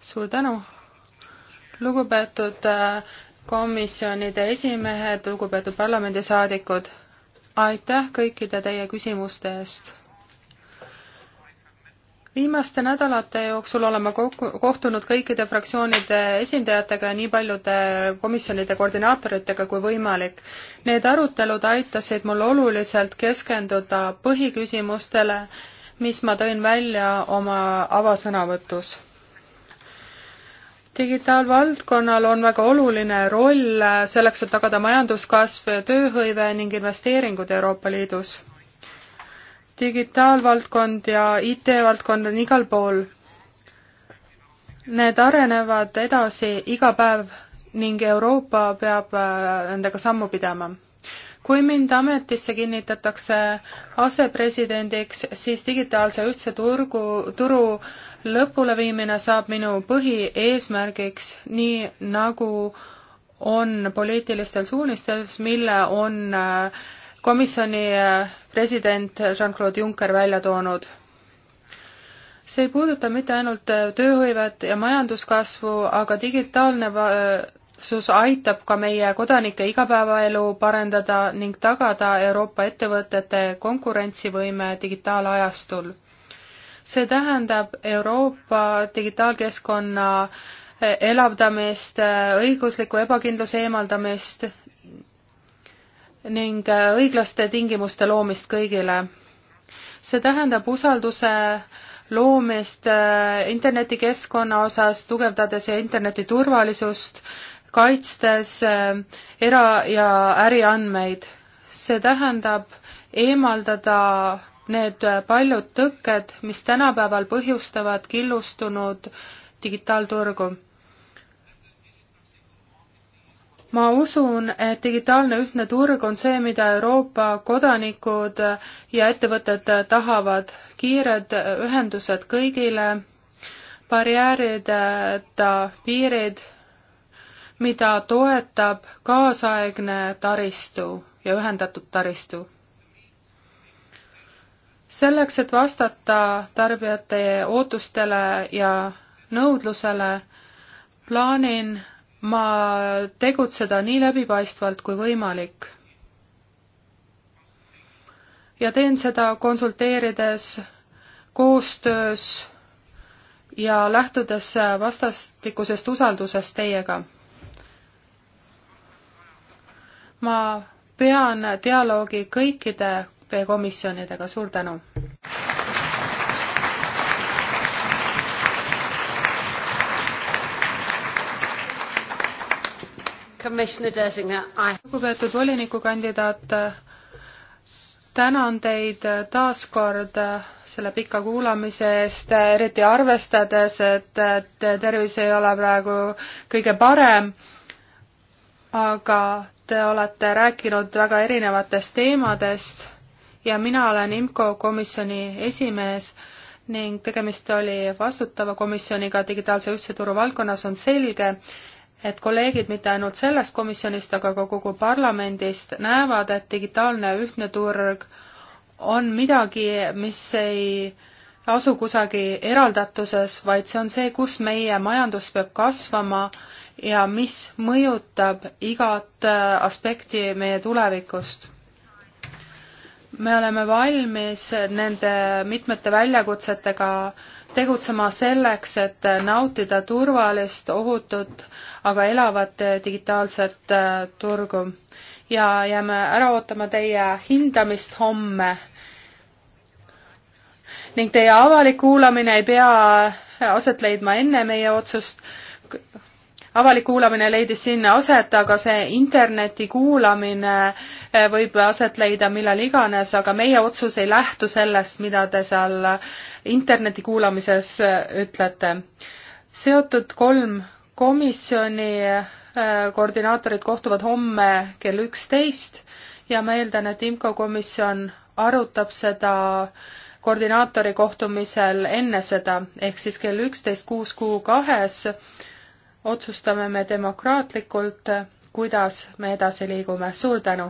suur tänu, lugupeetud äh, komisjonide esimehed, lugupeetud parlamendisaadikud, aitäh kõikide teie küsimuste eest viimaste nädalate jooksul olen ma kokku, kohtunud kõikide fraktsioonide esindajatega ja nii paljude komisjonide koordinaatoritega kui võimalik. Need arutelud aitasid mul oluliselt keskenduda põhiküsimustele, mis ma tõin välja oma avasõnavõtus digitaalvaldkonnal on väga oluline roll selleks, et tagada majanduskasv, tööhõive ning investeeringud Euroopa Liidus. digitaalvaldkond ja IT-valdkond on igal pool. Need arenevad edasi iga päev ning Euroopa peab äh, nendega sammu pidama kui mind ametisse kinnitatakse asepresidendiks, siis digitaalse ühtse turgu, turu lõpuleviimine saab minu põhieesmärgiks, nii nagu on poliitilistes suunistes, mille on äh, komisjoni äh, president Jean-Claude Juncker välja toonud see ei puuduta mitte ainult äh, tööhõivet ja majanduskasvu, aga digitaalne sus aitab ka meie kodanike igapäevaelu parendada ning tagada Euroopa ettevõtete konkurentsivõime digitaalajastul. see tähendab Euroopa digitaalkeskkonna elavdamist, õigusliku ebakindluse eemaldamist ning õiglaste tingimuste loomist kõigile. see tähendab usalduse loomist internetikeskkonna osas, tugevdades interneti turvalisust kaitstes ähm, era- ja äriandmeid. see tähendab eemaldada need äh, paljud tõkked, mis tänapäeval põhjustavad killustunud digitaalturgu. ma usun, et digitaalne ühtne turg on see, mida Euroopa kodanikud ja ettevõtted tahavad, kiired äh, ühendused kõigile, barjäärideta äh, piirid mida toetab kaasaegne taristu ja ühendatud taristu. selleks, et vastata tarbijate ootustele ja nõudlusele, plaanin ma tegutseda nii läbipaistvalt kui võimalik. ja teen seda konsulteerides, koostöös ja lähtudes vastastikusest usaldusest teiega ma pean dialoogi kõikide teie komisjonidega, suur tänu! lugupeetud volinikukandidaat, tänan teid taas kord selle pika kuulamise eest, eriti arvestades, et tervis ei ole praegu kõige parem aga te olete rääkinud väga erinevatest teemadest ja mina olen IMCO komisjoni esimees ning tegemist oli vastutava komisjoniga digitaalse ühtse turu valdkonnas, on selge, et kolleegid mitte ainult sellest komisjonist, aga ka kogu parlamendist näevad, et digitaalne ühtne turg on midagi, mis ei äh, asu kusagil eraldatuses, vaid see on see, kus meie majandus peab kasvama ja mis mõjutab igat äh, aspekti meie tulevikust. me oleme valmis nende mitmete väljakutsetega tegutsema selleks, et nautida turvalist, ohutut, aga elavat digitaalset äh, turgu. ja jääme ära ootama teie hindamist homme ning teie avalik kuulamine ei pea aset leidma enne meie otsust. avalik kuulamine leidis sinna aset, aga see interneti kuulamine eh, võib aset leida millal iganes, aga meie otsus ei lähtu sellest, mida te seal interneti kuulamises eh, ütlete. seotud kolm komisjoni eh, koordinaatorid kohtuvad homme kell üksteist ja ma eeldan, et IMCO komisjon arutab seda äh, koordinaatori kohtumisel enne seda, ehk siis kell üksteist kuus kuu kahes otsustame me demokraatlikult, kuidas me edasi liigume. suur tänu!